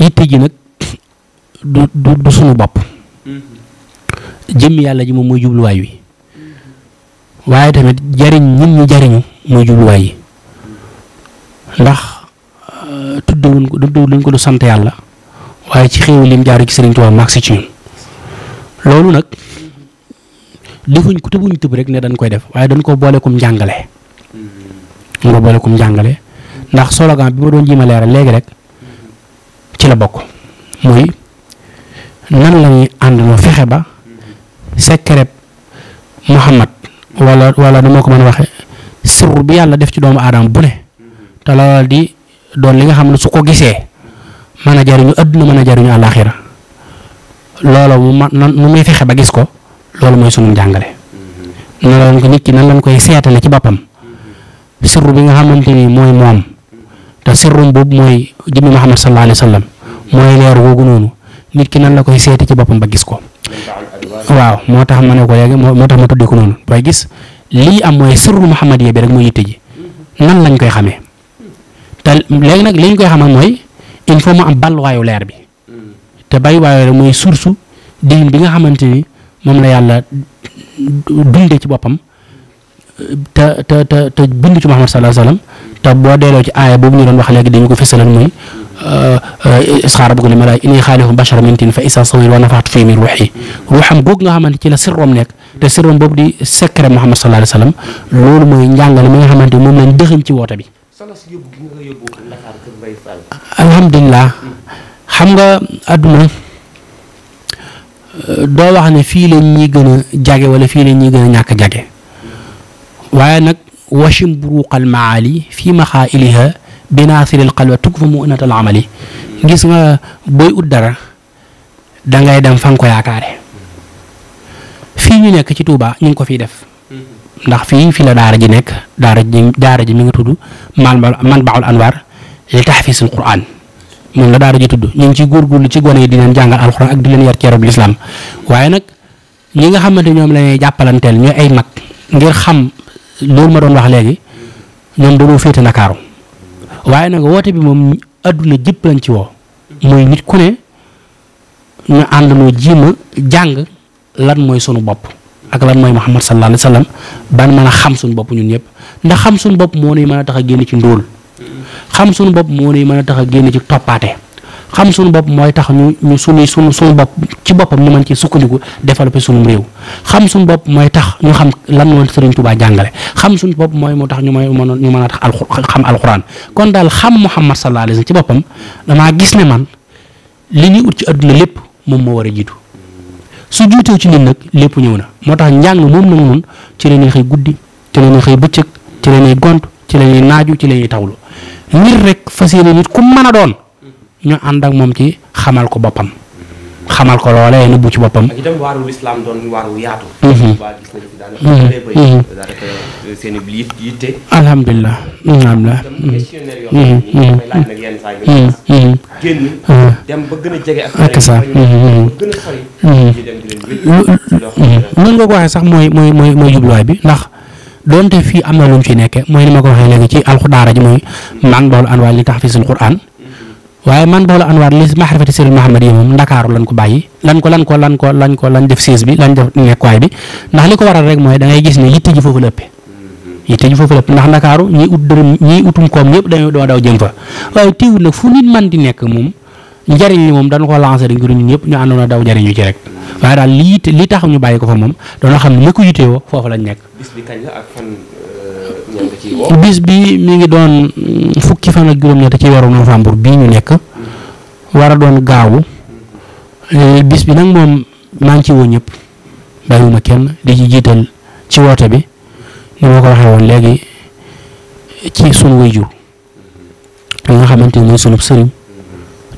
yitte ji nag du du sunu bopp mm-hmm. jëmm yàlla ji moom mooy jubluwaay wi waaye tamit jariñ ñun ñu jariñu mooy jubluwaay yi ndax euh, tuddewuñ ko tuddewuñ ko du sant yàlla waaye ci xéew lim jaar ci Sëriñ Tuubaa màgg si ci ñun loolu nag defuñ ko tëbuñ tëb rek ne dañ koy def waaye dañ ko boole kum njàngale mm-hmm. dañ ko boole kum njàngale ndax slogan bi ma doon jéem a leeral léegi rek la bokk muy nan la ñuy àndandoo fexe ba secret Muhammad wala wala nu ma ko mën a waxee sirru bi yàlla def ci doomu aadama bu ne te loolu di doon li nga xam ne su ko gisee mën a jariñu àdduna mën a jariñu àllaaxira loolu mu ma nan nu muy fexe ba gis ko loolu mooy sunu njàngale. na ko ki nan lañ koy seetale ci boppam sirru bi nga xamante mooy moom te sirrum boobu mooy jëmmi Muhammad sallallahu alayhi wa mooy leer googu noonu nit ki nan la koy seeti ci boppam ba gis ko waaw moo tax ma ne ko léegi moo tax ma tuddee ko noonu booy gis lii am mooy sirru muhammadiyya bi rek mooy yitte ji nan lañ koy xamee te léegi nag li ñu koy xamal mooy il faut mu am balluwaayu leer bi te balluwaayu leer mooy source diin bi nga xamante ni moom la yàlla dundee ci boppam te te te te bind ci Muhammad sallallahu alayhi wasallam te boo delloo ci aaya boobu ñu doon wax léegi dañu ko fësalal mooy isxaara euh, euh, bëgg li ma laaj inni xaaliqun bashara min tin fa isa sawir wa nafaxtu fii min ruuxi la sirroom nekk te sirroom boobu di secret Muhammad sallallahu loolu mooy njàngale mi nga xamante moom lañ dëxëñ ci woote bi. alhamdulilah xam nga àdduna euh, doo wax ne fii lañ ñuy gën a jage wala fii lañ ñuy gën a jage waaye nag washim buruqal maali fii maxaa iliha binaasiril xalwa tukku fa mu unatal amali gis nga booy ut dara dangay dem fa nga ko yaakaare fii ñu nekk ci Touba ñu ngi ko fiy def ndax fii fi la daara ji nekk daara ji daara ji mi nga tudd man baaxul anwaar li tahfiisul quraan moom la daara ji tudd ñu ngi ciy góorgóorlu ci gone yi di leen jàngal alxuraan ak di leen yar ci yarub lislaam waaye nag ñi nga xamante ñoom la ñuy jàppalanteel ñooy ay mag ngir xam loolu ma doon wax léegi ñoom dañoo féete Ndakaaru waaye nag woote bi moom àdduna jëpp lañ ci woo mooy nit ku ne ñu àndandoo jiima jàng lan mooy sunu bopp ak lan mooy Muhammad sallallahu alayhi wa sallam ban mën a xam suñu bopp ñun ñëpp ndax xam suñu bopp moo nuy mën a tax a génn ci ndóol xam suñu bopp moo nuy mën a tax a génn ci toppaate xam suñu bopp mooy tax ñu ñu suñuy suñu suñu bopp ci boppam ñu mën ci sukkandiku développé suñu réew xam suñu bopp mooy tax ñu xam lan moo Sëriñ Tuubaa jàngale xam suñu bopp mooy moo tax ñu may mën ñu mën a tax xam alxuraan kon daal xam Muhammad sallallahu alayhi wa ci boppam damaa gis ne man li ut ci adduna lépp moom moo war a jiitu su jiitoo ci ñun nag lépp ñëw na moo tax njàng moom nag noonu ci la xëy guddi ci la ñuy xëy bëccëg ci la ñuy gont ci la ñuy naaju ci la ñuy tawlu ngir rek fas yéene nit ku mën a doon ñu ànd ak moom ci xamal ko boppam. xamal ko loolee nëbbu ci boppam. ak itam waaru lislaam doon waaru mhm. mhm. mhm. euh, alhamdulilah. alhamdulilah. génn. Ah. nga ko waxee sax mooy mooy mooy mooy jubluwaay bi ndax donte fii am na lu mu ci nekkee mooy ni ma ko waxee léegi ci alxudaara ji mooy. man boolu an waa li tax fi suñu quraan waaye man boolu anwaar li maxarifati sëriñ Muhammad yi moom ndakaaru lan ko bàyyi lan ko lan ko lan ko lan ko lan def siis bi lan def nekkuwaay bi ndax li ko waral rek mooy dangay gis ni yitte ji foofu la ëppee yitte ji foofu la ëpp ndax ndakaaru ñiy ut dërëm ñiy doo daw jëm fa waaye teewul nag fu man di nekk moom njariñ li moom dañu ko lancé rek ngir ñun ñëpp ñu àndoon a daw jariñu ci rek waaye daal li tax ñu bàyyi ko fa moom dañoo xam ne ko yittewoo foofu lañ nekk biis bi mu ngi doon mm, fukki fan ak juróom-ñett ci weeru novembre bii ñu nekk war a doon gaawu eh, bis bi nag moom maa ngi ci woo ñëpp kenn di ci ci woote bi ni ma ko waxee woon léegi ci sunu wayjur li nga xamante ni mooy sunub sëriñ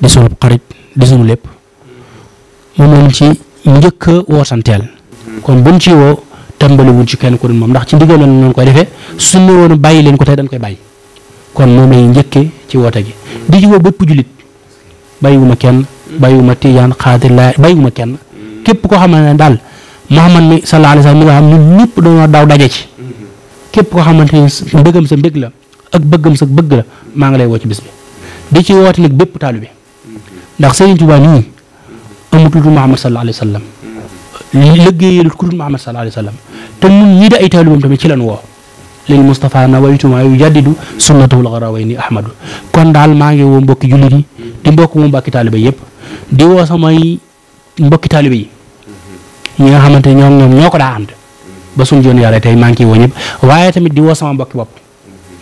di sunub xarit di sunu lépp moom lañ ci njëkk a wootanteel kon buñ ci tàmbaliwul ci kenn ku dul moom ndax ci ndigal loolu noonu koy defee suñu woon bàyyi leen ko tey koy bàyyi kon moom lañuy ci woote gi di ci woo bépp julit bàyyiwuma kenn bàyyiwuma tijaan xaadir laa bàyyiwuma kenn képp koo xam ne daal Muhammad mi sallallahu alayhi wa sallam mi nga xam ñun ci képp koo xamante ni mbëggam sa mbëgg la ak bëggam sa bëgg maa ngi lay woo ci bis bi di ci woote nag bépp taalibe ndax Sëriñ Tuubaa nii amut lu dul Muhammad sallallahu alayhi wa sallam liggéeyalut ku dul Muhammad sallallahu alayhi wa te ñun ñii di ay taalibam tamit ci lan woo lil Moustapha nawaytu maa yu jaddidu sunnatahul garawayni Ahmadu kon daal maa ngi woo mbokki jullit yi di mbokk mu mbokki taalibe yëpp di woo samay mbokki taalibe yi ñi nga xamante ne ñoom ñoo ko daa ànd ba suñ joon yàlla tey maa ngi ciy woo ñëpp waaye tamit di woo sama mbokki bopp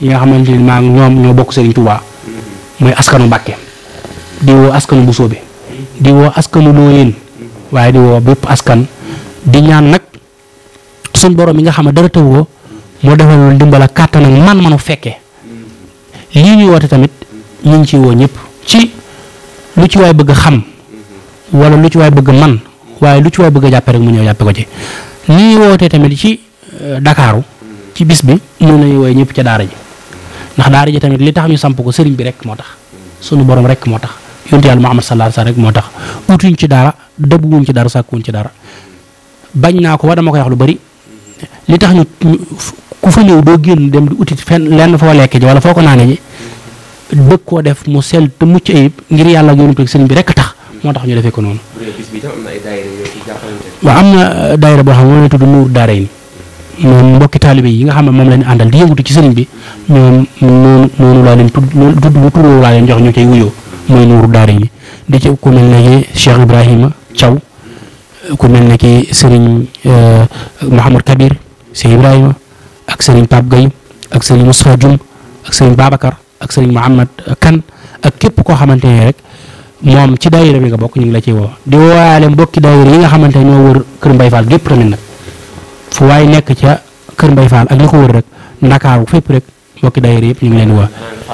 yi nga xamante ni maa ñoom ñoo bokk Serigne Touba mooy askanu Mbàkke di woo askanu Busoobe di woo askanu Looyeen waaye di woo bépp askan di ñaan nag suñ borom mi nga xam ne dara tëw ko moo defal loolu dimbal a kàttan ak man-manu fekkee lii ñuy woote tamit ñu ngi ciy woo ñëpp ci lu ci waay bëgg xam wala lu ci waay bëgg man waaye lu ci waay bëgg a jàppe rek mu ñëw jàppe ko ci li ñuy wootee tamit ci euh, Dakaaru ci bis bi mën nañu wooye ñëpp ca daara ji ndax daara ji tamit li tax ñu samp ko sëriñ bi rek moo tax sunu borom rek moo tax yonent yàlla ma sallallahu alayhi wa sallam rek moo tax utuñ ci dara dëbbuwuñ ci dara sàkkuwuñ ci dara li tax ñu ku fa ñëw doo génn dem di uti fenn lenn foo lekk ji wala foo ko naane ji bëgg koo def mu sell te mucc ayib ngir yàlla yoonu teg sëriñ bi rek tax moo tax ñu defee ko na euh, daayira boo xam ne moom la tudd Nuur Daara yi moom mbokki taalibe yi nga xam ne moom la ñu àndal ci sëriñ bi ñoom noonu noonu laa leen tudd noonu tudd turóo laa leen jox ñu cay wuyoo mooy Nuuru Daara yi di ci ku mel ne ki Cheikh Ibrahima Thiaw ku mel ne ki sëriñ euh, Mouhamad Kabir. Cheikh Ibrahima ak sëriñ Pape Gueye ak sëriñ Moussa Dioum ak sëriñ Babacar ak sëriñ Mouhamad Kan ak képp koo xamante ne rek moom ci daayira bi nga bokk ñu ngi la ciy woo di woowaale mbokki daayira yi nga xamante ne ñoo wër Kër Mbaye Fall gépp tamit nag fu waaye nekk ca Kër Mbaye Fall ak li ko wër rek Ndakaaru fépp rek mbokki daayira yëpp ñu ngi leen di